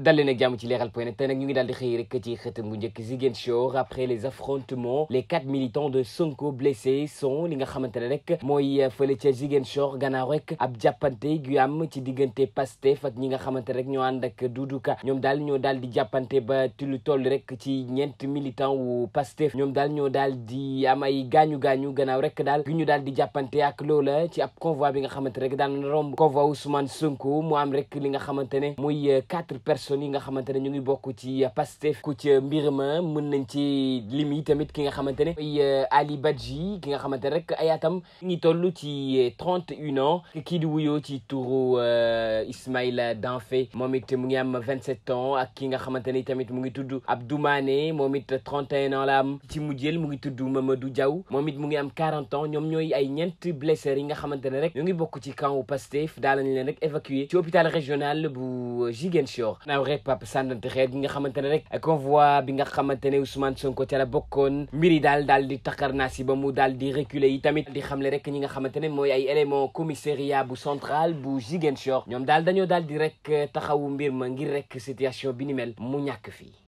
dal leen ak jàmm ci leeral point net te nag ñu ngi daal di xëy rek ci xëtam bu njëkk Ziguinchor après les affrontements les quatre militants de Sonko blessés sont li nga xamante ne rek mooy euh, fële ca Ziguinchor gannaaw rek ab jàppante gu am ci diggante Pastef ak ñi nga xamante rek ñoo ànd ak Doudou ñoom daal ñoo daal di jàppante ba ti lu toll rek ci ñeent militant wu Pastef ñoom daal ñoo daal di am ay gaañu-gaañu gannaaw rek daal gi ñu daal di jàppante ak loola ci ab convoi bi nga personnes yi nga xamante ne ñu ngi bokk ci euh, Pastef ku ca mbir ma mën nañ ci lim yi tamit ki nga xamante ne euh, Ali Badji ki nga xamante ne rek ay atam ngi toll ci euh, trente une ans kii di wuyoo ci turu Ismaïla Danfé moom it mu ngi am vingt sept ans ak ki nga xamante ne tamit mu ngi tudd Abdou Mané moom it trente et un ans la am ci jël mu ngi tudd Mamadou Diaw moom it mu ngi am quarante ans ñoom ñooy ay ñeent blessés yi nga xamante ne rek ñu ngi bokk ci camp Pastef daal lañ leen rek évacué ci hôpital régional bu Ziguinchor rek pap sànnante xeet bi nga xamante ne rek convoi bi nga xamante ne Ousmane Sonko ca la bokkoon mbiri daal daal di takkar naa si ba mu daal di reculer yi tamit di xamle rek ñi nga xamante ne mooy ay élément commissariat bu central bu jigén Ziguinchor ñoom daal dañoo daal di rek eh, taxawu mbir ma ngir rek situation bi ni mel mu ñakk fii